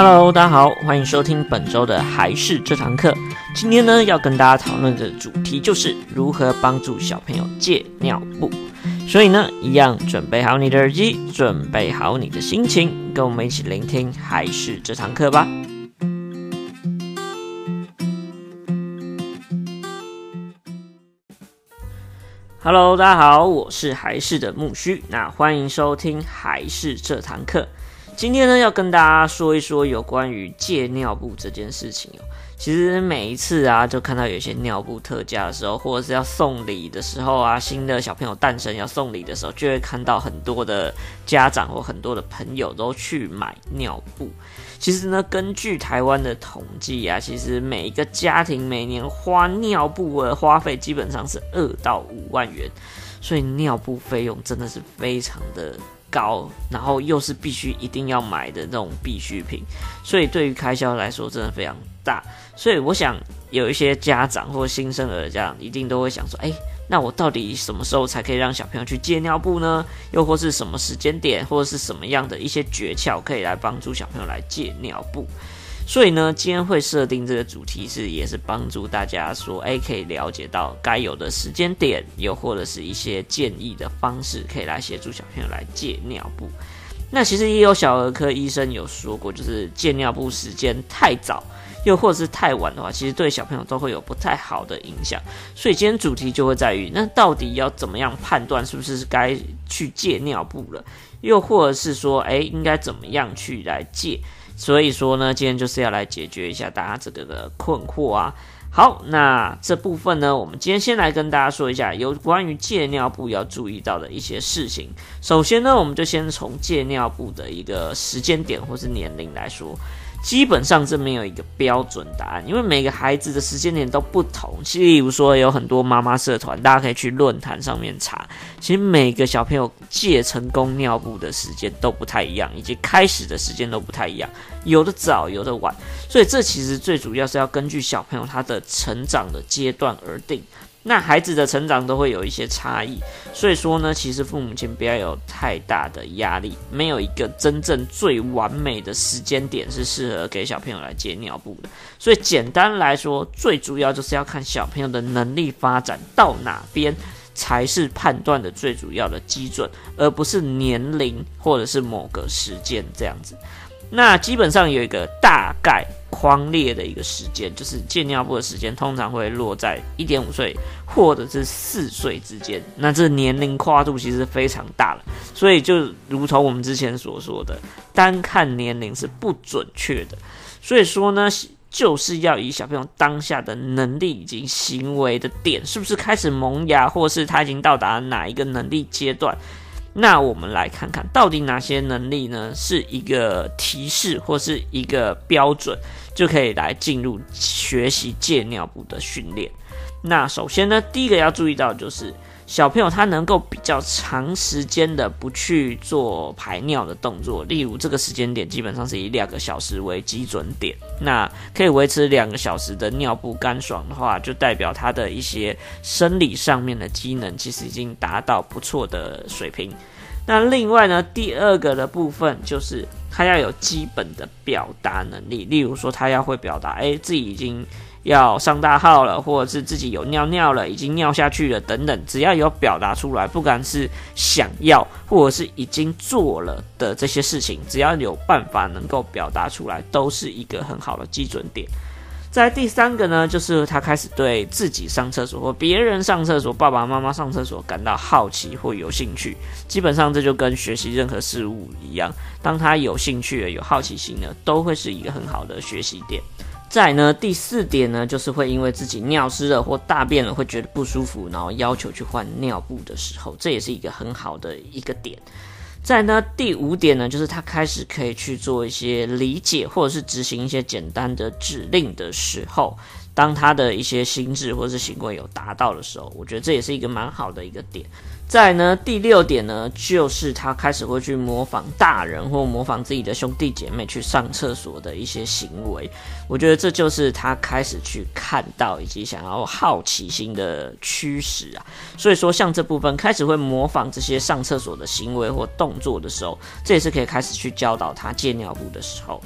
Hello，大家好，歡迎收聽本周的還是這堂課。今天呢，要跟大家討論的主題就是如何幫助小朋友戒尿布。所以呢，一樣準備好你的耳機，準備好你的心情，跟我們一起聆聽還是這堂課吧。Hello，大家好，我是還是的木須，那歡迎收聽還是這堂課。今天呢，要跟大家說一說有關於戒尿布這件事情喔。其實每一次啊，就看到有一些尿布特價的時候，或者是要送禮的時候啊，新的小朋友誕生要送禮的時候，就會看到很多的家長或很多的朋友都去買尿布。其實呢，根據台灣的統計啊，其實每一個家庭每年花尿布的花費基本上是二到五萬元，所以尿布費用真的是非常的高，然後又是必須一定要買的那種必需品，所以對於開銷來說真的非常大。所以我想有一些家長或新生兒的家長一定都會想說：哎，那我到底什麼時候才可以讓小朋友去戒尿布呢？又或是什麼時間點，或者是什麼樣的一些訣竅，可以來幫助小朋友來戒尿布？所以呢，今天會設定這個主題是，也是幫助大家說，誒、欸，可以了解到該有的時間點，又或者是一些建議的方式，可以來協助小朋友來戒尿布。那其實也有小兒科醫生有說過，就是戒尿布時間太早，又或者是太晚的話，其實對小朋友都會有不太好的影響。所以今天主題就會在於，那到底要怎麼樣判斷是不是該去戒尿布了？又或者是說，誒、欸，應該怎麼樣去來戒。所以說呢，今天就是要來解決一下大家這個的困惑啊。好，那這部分呢，我們今天先來跟大家說一下有關於戒尿布要注意到的一些事情。首先呢，我們就先從戒尿布的一個時間點或是年齡來說。基本上這沒有一個標準答案，因為每個孩子的時間點都不同。例如說，有很多媽媽社團，大家可以去論壇上面查。其實每個小朋友戒成功尿布的時間都不太一樣，以及開始的時間都不太一樣，有的早，有的晚。所以這其實最主要是要根據小朋友他的成長的階段而定。那孩子的成長都會有一些差異，所以說呢，其實父母親不要有太大的壓力，沒有一個真正最完美的時間點是適合給小朋友來戒尿布的。所以簡單來說，最主要就是要看小朋友的能力發展到哪邊，才是判斷的最主要的基準，而不是年齡或者是某個時間這樣子。那基本上有一個大概。荒裂的一個時間，就是戒尿布的時間，通常會落在一點五歲或者是四歲之間。那這年齡跨度其實非常大了，所以就如同我們之前所說的，單看年齡是不準確的。所以說呢，就是要以小朋友當下的能力以及行為的點，是不是開始萌芽，或是他已經到達哪一個能力階段。那我們來看看到底哪些能力呢，是一個提示或是一個標準，就可以來進入學習戒尿布的訓練。那首先呢，第一個要注意到的就是。小朋友他能夠比較長時間的不去做排尿的動作，例如這個時間點基本上是以兩個小時為基準點，那可以維持兩個小時的尿布乾爽的話，就代表他的一些生理上面的機能其實已經達到不錯的水平。那另外呢，第二個的部分就是他要有基本的表達能力，例如說他要會表達，誒、欸，自己已經。要上大號了，或者是自己有尿尿了，已經尿下去了，等等，只要有表達出來，不管是想要或者是已經做了的這些事情，只要有辦法能夠表達出來，都是一個很好的基準點。在第三個呢，就是他開始對自己上廁所或別人上廁所，爸爸媽媽上廁所感到好奇或有興趣。基本上這就跟學習任何事物一樣，當他有興趣了，有好奇心呢，都會是一個很好的學習點。再呢，第四點呢，就是會因為自己尿濕了或大便了，會覺得不舒服，然後要求去換尿布的時候，這也是一個很好的一個點。再呢，第五點呢，就是他開始可以去做一些理解或者是執行一些簡單的指令的時候，當他的一些心智或是行為有達到的時候，我覺得這也是一個蠻好的一個點。再來呢，第六點呢，就是他開始會去模仿大人或模仿自己的兄弟姐妹去上廁所的一些行為，我覺得這就是他開始去看到以及想要好奇心的驅使啊。所以說，像這部分開始會模仿這些上廁所的行為或動作的時候，這也是可以開始去教導他戒尿布的時候。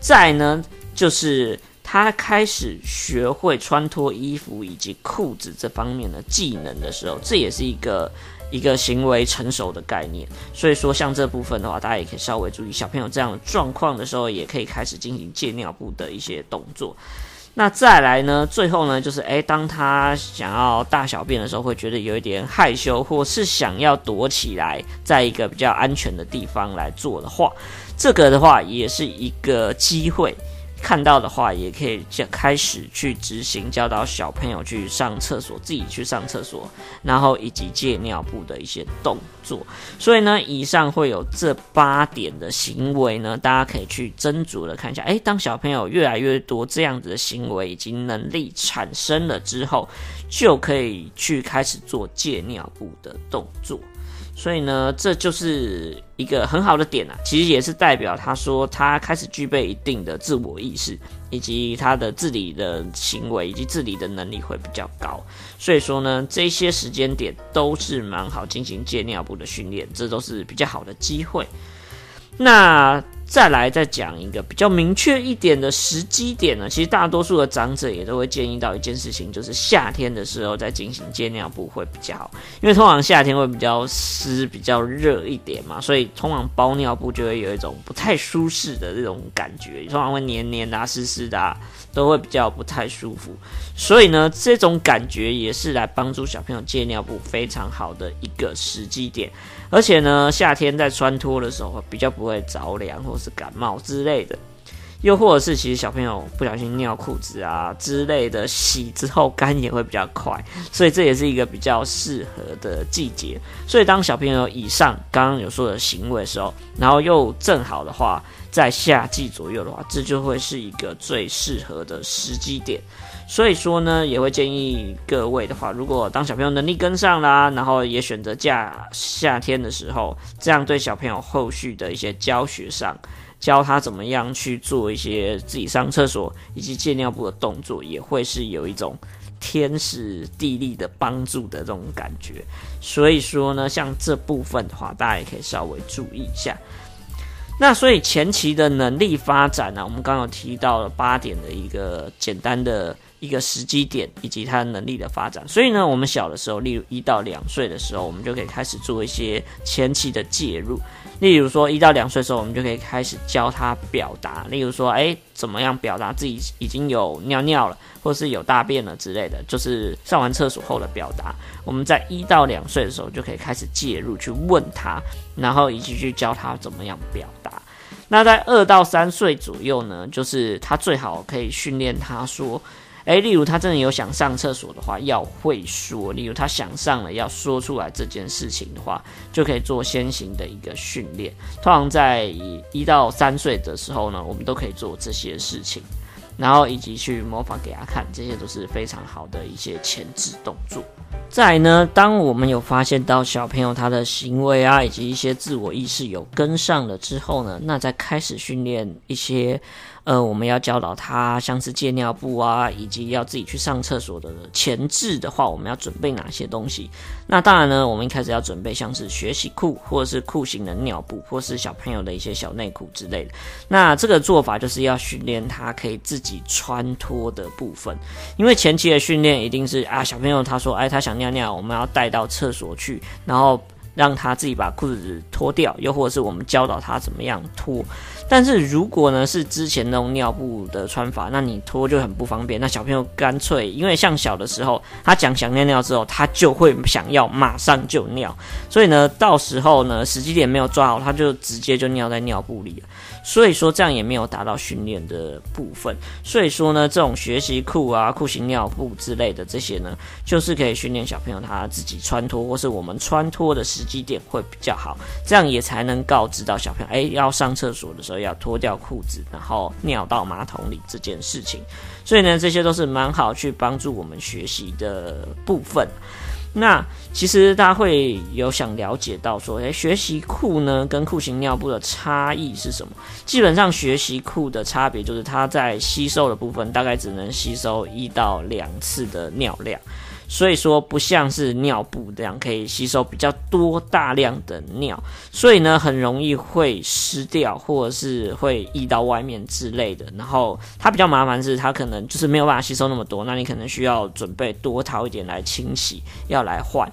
再來呢，就是他開始學會穿脫衣服以及褲子這方面的技能的時候，這也是一個。一個行為成熟的概念，所以說像這部分的話，大家也可以稍微注意小朋友這樣的狀況的時候，也可以開始進行戒尿布的一些動作。那再來呢，最後呢，就是誒、欸，當他想要大小便的時候，會覺得有一點害羞，或是想要躲起來，在一個比較安全的地方來做的話，這個的話也是一個機會。看到的話，也可以就開始去執行教導小朋友去上廁所，自己去上廁所，然後以及戒尿布的一些動作。所以呢，以上會有這八點的行為呢，大家可以去斟酌的看一下。哎、欸，當小朋友越來越多這樣子的行為以及能力產生了之後，就可以去開始做戒尿布的動作。所以呢，這就是一個很好的點吶、啊。其實也是代表他說他開始具備一定的自我意識，以及他的自理的行為以及自理的能力會比較高。所以說呢，這些時間點都是蠻好進行戒尿布的訓練，這都是比較好的機會。那。再來再講一個比較明確一點的時機點呢，其實大多數的長者也都會建議到一件事情，就是夏天的時候再進行戒尿布會比較好，因為通常夏天會比較濕、比較熱一點嘛，所以通常包尿布就會有一種不太舒適的這種感覺，通常會黏黏啊、濕濕的啊，都會比較不太舒服。所以呢，這種感覺也是來幫助小朋友戒尿布非常好的一個時機點。而且呢，夏天在穿脫的時候比較不會着涼或是感冒之類的。又或者是其實小朋友不小心尿褲子啊之類的，洗之後乾也會比較快，所以這也是一個比較適合的季節。所以當小朋友以上剛剛有說的行為的時候，然後又正好的話，在夏季左右的話，這就會是一個最適合的時機點。所以說呢，也會建議各位的話，如果當小朋友能力跟上啦，然後也選擇假夏天的時候，這樣對小朋友後續的一些教學上。教他怎麼樣去做一些自己上廁所以及戒尿布的動作，也會是有一種天時地利的幫助的這種感覺。所以說呢，像這部分的話，大家也可以稍微注意一下。那所以前期的能力發展呢、啊，我們剛剛有提到了八點的一個簡單的。一個時機點以及他能力的發展，所以呢，我們小的時候，例如一到兩歲的時候，我們就可以開始做一些前期的介入。例如說，一到兩歲的時候，我們就可以開始教他表達。例如說，誒，怎麼樣表達自己已經有尿尿了，或是有大便了之類的，就是上完廁所後的表達。我們在一到兩歲的時候就可以開始介入去問他，然後以及去教他怎麼樣表達。那在二到三歲左右呢，就是他最好可以訓練他說。誒，例如他真的有想上廁所的話，要會說；例如他想上了，要說出來這件事情的話，就可以做先行的一個訓練。通常在一到三歲的時候呢，我們都可以做這些事情，然後以及去模仿給他看，這些都是非常好的一些前置動作。再來呢，當我們有發現到小朋友他的行為啊，以及一些自我意識有跟上了之後呢，那再開始訓練一些。呃，我們要教導他，像是戒尿布啊，以及要自己去上廁所的前置的話，我們要準備哪些東西？那當然呢，我們一開始要準備像是學習褲，或者是褲型的尿布，或是小朋友的一些小內褲之類的。那這個做法就是要訓練他可以自己穿脫的部分，因為前期的訓練一定是啊，小朋友他說，哎，他想尿尿，我們要帶到廁所去，然後。讓他自己把褲子脫掉，又或者是我們教導他怎麼樣脫。但是如果呢是之前那種尿布的穿法，那你脫就很不方便。那小朋友乾脆，因為像小的時候，他講想尿尿之後，他就會想要馬上就尿，所以呢，到時候呢時機點沒有抓好，他就直接就尿在尿布裡了。所以說這樣也沒有達到訓練的部分。所以說呢，這種學習褲啊、褲型尿布之類的這些呢，就是可以訓練小朋友他自己穿脫，或是我們穿脫的時機點會比較好。這樣也才能告知到小朋友，誒、欸，要上廁所的時候要脫掉褲子，然後尿到馬桶裡這件事情。所以呢，這些都是蠻好去幫助我們學習的部分。那其實大家會有想了解到說，哎、欸，學習褲呢跟褲型尿布的差異是什麼？基本上學習褲的差別就是它在吸收的部分，大概只能吸收一到兩次的尿量。所以說，不像是尿布這樣可以吸收比較多、大量的尿，所以呢，很容易會濕掉，或者是會溢到外面之類的。然後它比較麻煩的是，它可能就是沒有辦法吸收那麼多，那你可能需要準備多掏一點來清洗，要來換。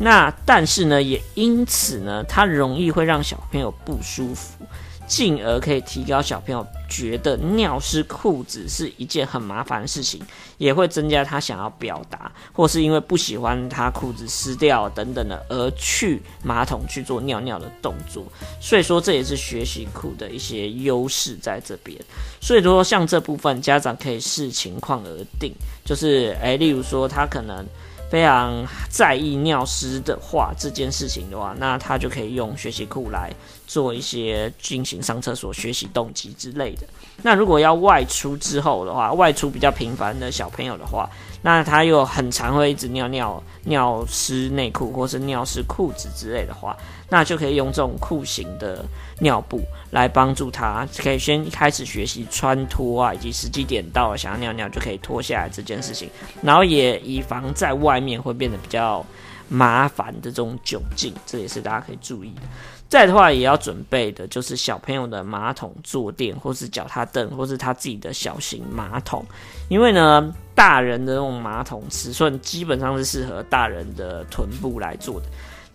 那但是呢，也因此呢，它容易會讓小朋友不舒服。進而可以提高小朋友覺得尿濕褲子是一件很麻煩的事情，也會增加他想要表達，或是因為不喜歡他褲子濕掉等等的而去馬桶去做尿尿的動作。所以說這也是學習褲的一些優勢在這邊。所以說像這部分家長可以視情況而定，就是誒，例如說他可能非常在意尿濕的話這件事情的話，那他就可以用學習褲來。做一些進行上廁所學習動機之類的。那如果要外出之後的話，外出比較頻繁的小朋友的話，那他又很常會一直尿尿尿濕內褲，或是尿濕褲子之類的話，那就可以用這種褲型的尿布來幫助他，可以先開始學習穿脫啊，以及時機點到了想要尿尿就可以脫下來這件事情。然後也以防在外面會變得比較麻煩的這種窘境，這也是大家可以注意的。再的話，也要準備的就是小朋友的馬桶坐墊，或是腳踏凳，或是他自己的小型馬桶，因為呢，大人的那種馬桶尺寸基本上是適合大人的臀部來坐的。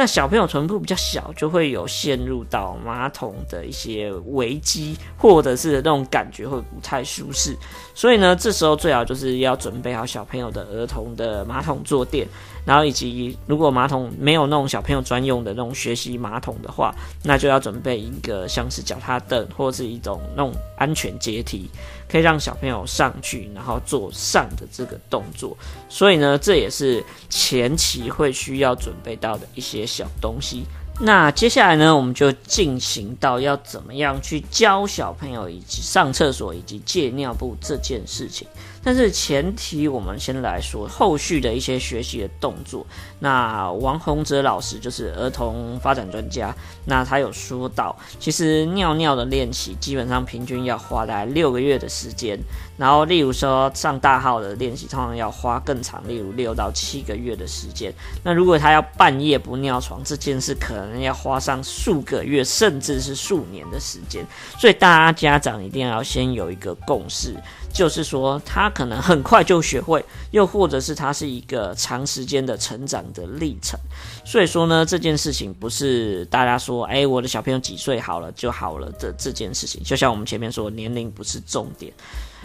那小朋友臀部比較小，就會有陷入到馬桶的一些危機，或者是那種感覺會不太舒適。所以呢，這時候最好就是要準備好小朋友的兒童的馬桶坐墊，然後以及如果馬桶沒有那種小朋友專用的那種學習馬桶的話，那就要準備一個像是腳踏凳或是一種那種安全階梯。可以讓小朋友上去，然後做上的這個動作，所以呢，這也是前期會需要準備到的一些小東西。那接下來呢，我們就進行到要怎麼樣去教小朋友以及上廁所以及戒尿布這件事情。但是前提，我們先來說後續的一些學習的動作。那王洪哲老師就是兒童發展專家，那他有說到，其實尿尿的練習基本上平均要花大概六個月的時間。然後，例如說上大號的練習，通常要花更長，例如六到七個月的時間。那如果他要半夜不尿床這件事，可能要花上數個月，甚至是數年的時間。所以，大家家長一定要先有一個共識。就是說，他可能很快就學會，又或者是他是一個長時間的成長的歷程。所以說呢，這件事情不是大家說，哎，我的小朋友幾歲好了就好了的這件事情。就像我們前面說，年齡不是重點。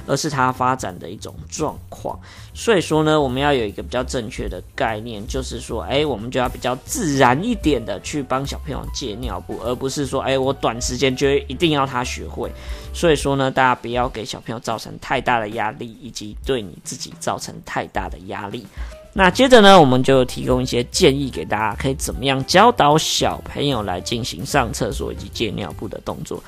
而是它發展的一種狀況，所以說呢，我們要有一個比較正確的概念，就是說，誒、欸，我們就要比較自然一點的去幫小朋友戒尿布，而不是說，誒、欸，我短時間就一定要他學會。所以說呢，大家不要給小朋友造成太大的壓力，以及對你自己造成太大的壓力。那接着呢，我們就提供一些建議給大家，可以怎麼樣教導小朋友來進行上廁所以及戒尿布的動作。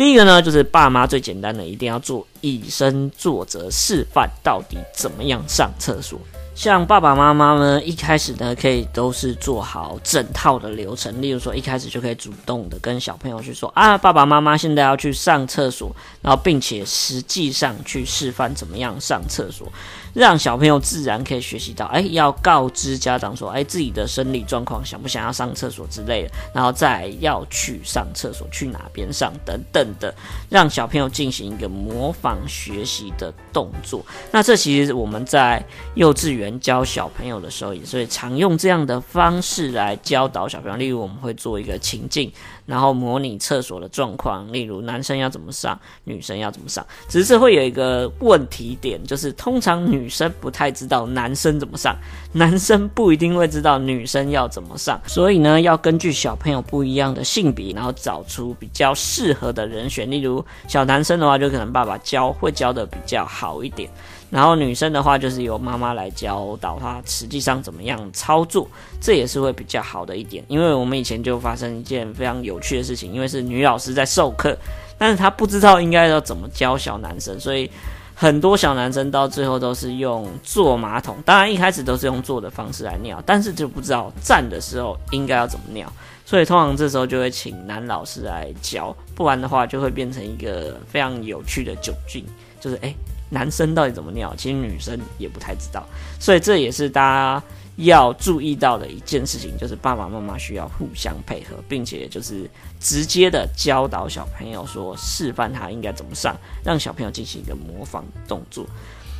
第一個呢，就是爸媽最簡單的，一定要做以身作則示範，到底怎麼樣上廁所。像爸爸媽媽呢，一開始呢可以都是做好整套的流程，例如說一開始就可以主動的跟小朋友去說啊，爸爸媽媽現在要去上廁所，然後並且實際上去示範怎麼樣上廁所，讓小朋友自然可以學習到，哎，要告知家長說，哎，自己的生理狀況想不想要上廁所之類的，然後再要去上廁所，去哪邊上等等的，讓小朋友進行一個模仿學習的動作。那這其實我們在幼稚園。教小朋友的時候，也所以常用這樣的方式來教導小朋友。例如，我們會做一個情境，然後模擬廁所的狀況。例如，男生要怎麼上，女生要怎麼上，只是會有一個問題點，就是通常女生不太知道男生怎麼上，男生不一定會知道女生要怎麼上。所以呢，要根據小朋友不一樣的性別，然後找出比較適合的人選。例如，小男生的話，就可能爸爸教會教得比較好一點。然後女生的話，就是由媽媽來教導她實際上怎麼樣操作，這也是會比較好的一點。因為我們以前就發生一件非常有趣的事情，因為是女老師在授課，但是她不知道應該要怎麼教小男生，所以很多小男生到最後都是用坐馬桶，當然一開始都是用坐的方式來尿，但是就不知道站的時候應該要怎麼尿。所以通常這時候就會請男老師來教，不然的話就會變成一個非常有趣的窘境，就是誒、欸，男生到底怎麼尿？其實女生也不太知道，所以這也是大家要注意到的一件事情，就是爸爸媽媽需要互相配合，並且就是直接的教導小朋友，說示範他應該怎麼上，讓小朋友進行一個模仿動作。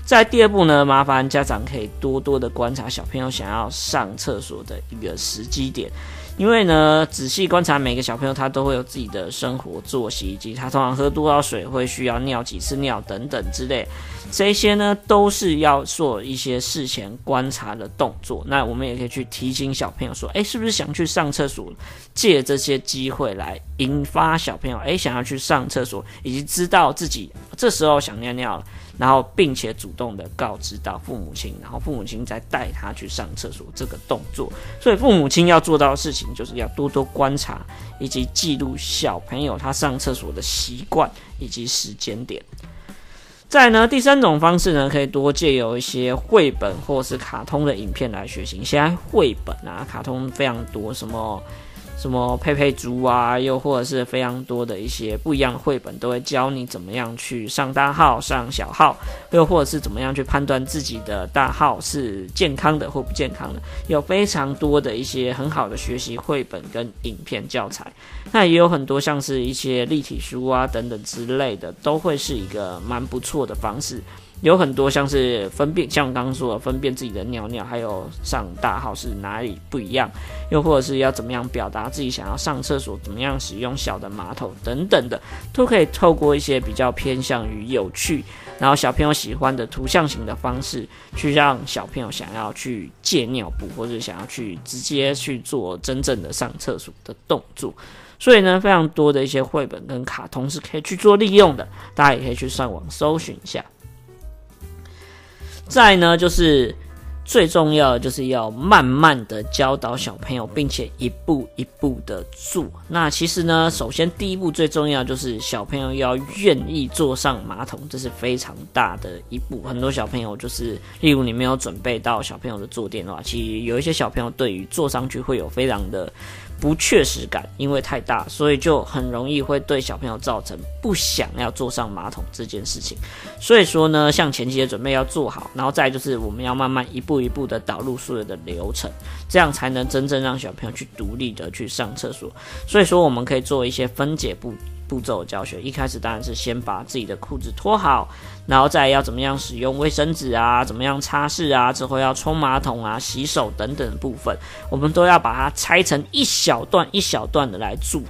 在第二步呢，麻煩家長可以多多的觀察小朋友想要上廁所的一個時機點。因為呢，仔細觀察每個小朋友，他都會有自己的生活作息，以及他通常喝多少水，會需要尿幾次尿等等之類。這些呢，都是要做一些事前觀察的動作。那我們也可以去提醒小朋友說：“誒，是不是想去上廁所？”借這些機會來引發小朋友誒，想要去上廁所，以及知道自己這時候想尿尿了，然後並且主動的告知到父母親，然後父母親再帶他去上廁所這個動作。所以父母親要做到的事情，就是要多多觀察以及記錄小朋友他上廁所的習慣以及時間點。再呢，第三種方式呢，可以多借由一些繪本或是卡通的影片來學習。現在繪本啊，卡通非常多，什麼。什麼佩佩豬啊，又或者是非常多的一些不一樣的繪本，都會教你怎麼樣去上大號、上小號，又或者是怎麼樣去判斷自己的大號是健康的或不健康的。有非常多的一些很好的學習繪本跟影片教材，那也有很多像是一些立體書啊等等之類的，都會是一個蠻不錯的方式。有很多像是分辨，像剛剛說的，分辨自己的尿尿，還有上大號是哪裡不一樣，又或者是要怎麼樣表達自己想要上廁所，怎麼樣使用小的馬桶等等的，都可以透過一些比較偏向於有趣，然後小朋友喜歡的圖像型的方式，去讓小朋友想要去戒尿布，或者想要去直接去做真正的上廁所的動作。所以呢，非常多的一些繪本跟卡通是可以去做利用的，大家也可以去上網搜尋一下。再呢，就是最重要的，就是要慢慢的教導小朋友，並且一步一步的做。那其實呢，首先第一步最重要就是小朋友要願意坐上馬桶，這是非常大的一步。很多小朋友就是，例如你沒有準備到小朋友的坐墊的話，其實有一些小朋友對於坐上去會有非常的。不確實感，因為太大，所以就很容易會對小朋友造成不想要坐上馬桶這件事情。所以說呢，像前期的準備要做好，然後再就是我們要慢慢一步一步的導入所有的流程，這樣才能真正讓小朋友去獨立的去上廁所。所以說，我們可以做一些分解步。步驟教學，一開始當然是先把自己的褲子脫好，然後再要怎麼樣使用衛生紙啊，怎麼樣擦拭啊，之後要沖馬桶啊、洗手等等的部分，我們都要把它拆成一小段一小段的來做。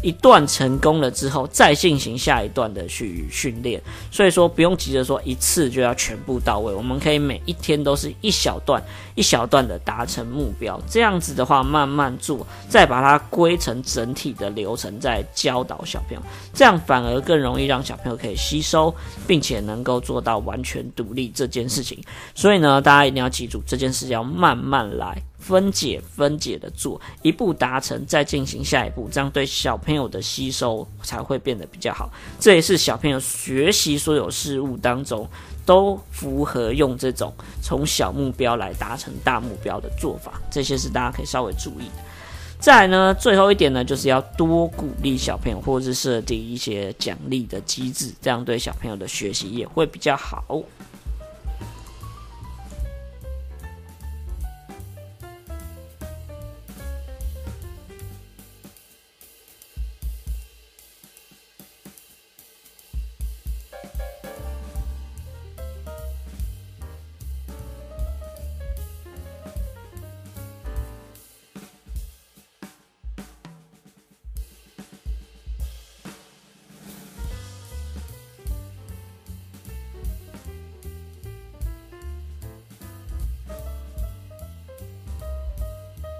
一段成功了之後，再進行下一段的去訓練。所以說不用急着說一次就要全部到位，我們可以每一天都是一小段、一小段的達成目標。這樣子的話，慢慢做，再把它歸成整體的流程，再教導小朋友，這樣反而更容易讓小朋友可以吸收，並且能夠做到完全獨立這件事情。所以呢，大家一定要記住，這件事要慢慢來。分解，分解的做，一步達成，再進行下一步，這樣對小朋友的吸收才會變得比較好。這也是小朋友學習所有事物當中都符合用這種從小目標來達成大目標的做法。這些是大家可以稍微注意的。再來呢，最後一點呢，就是要多鼓勵小朋友，或是設定一些獎勵的機制，這樣對小朋友的學習也會比較好。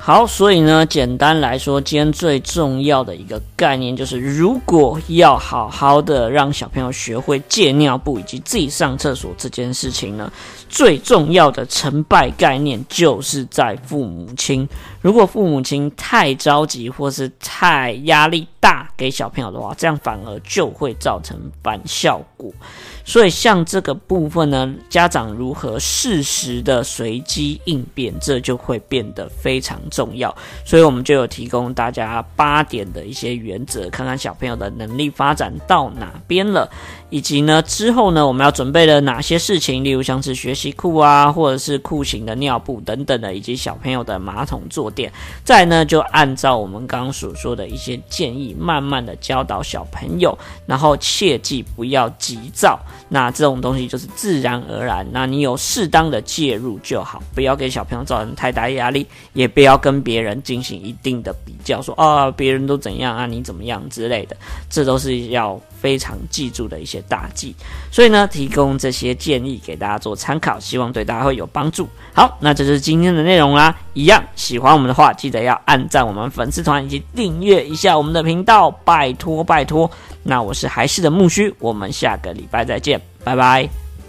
好，所以呢，簡單來說，今天最重要的一個概念就是，如果要好好的讓小朋友學會戒尿布以及自己上廁所這件事情呢，最重要的成敗概念就是在父母親。如果父母親太着急或是太壓力大給小朋友的話，這樣反而就會造成反效果。所以像這個部分呢，家長如何適時的隨機應變，這就會變得非常重要。所以，我們就有提供大家八點的一些原則，看看小朋友的能力發展到哪邊了，以及呢之後呢我們要準備了哪些事情，例如像是學習褲啊，或者是褲型的尿布等等的，以及小朋友的馬桶坐墊。再來呢就按照我們剛剛所說的一些建議，慢慢的教導小朋友，然後切記不要急躁。那這種東西就是自然而然，那你有適當的介入就好，不要給小朋友造成太大壓力，也不要跟別人進行一定的比較，說啊，別人都怎樣啊，你怎麼樣之類的，這都是要。非常記住的一些大忌，所以呢，提供這些建議給大家做參考，希望對大家會有幫助。好，那這就是今天的內容啦，一樣喜歡我們的話，記得要按讚我們粉絲團以及訂閱一下我們的頻道，拜托拜托。那我是還是的木鬚，我們下個禮拜再見，拜拜。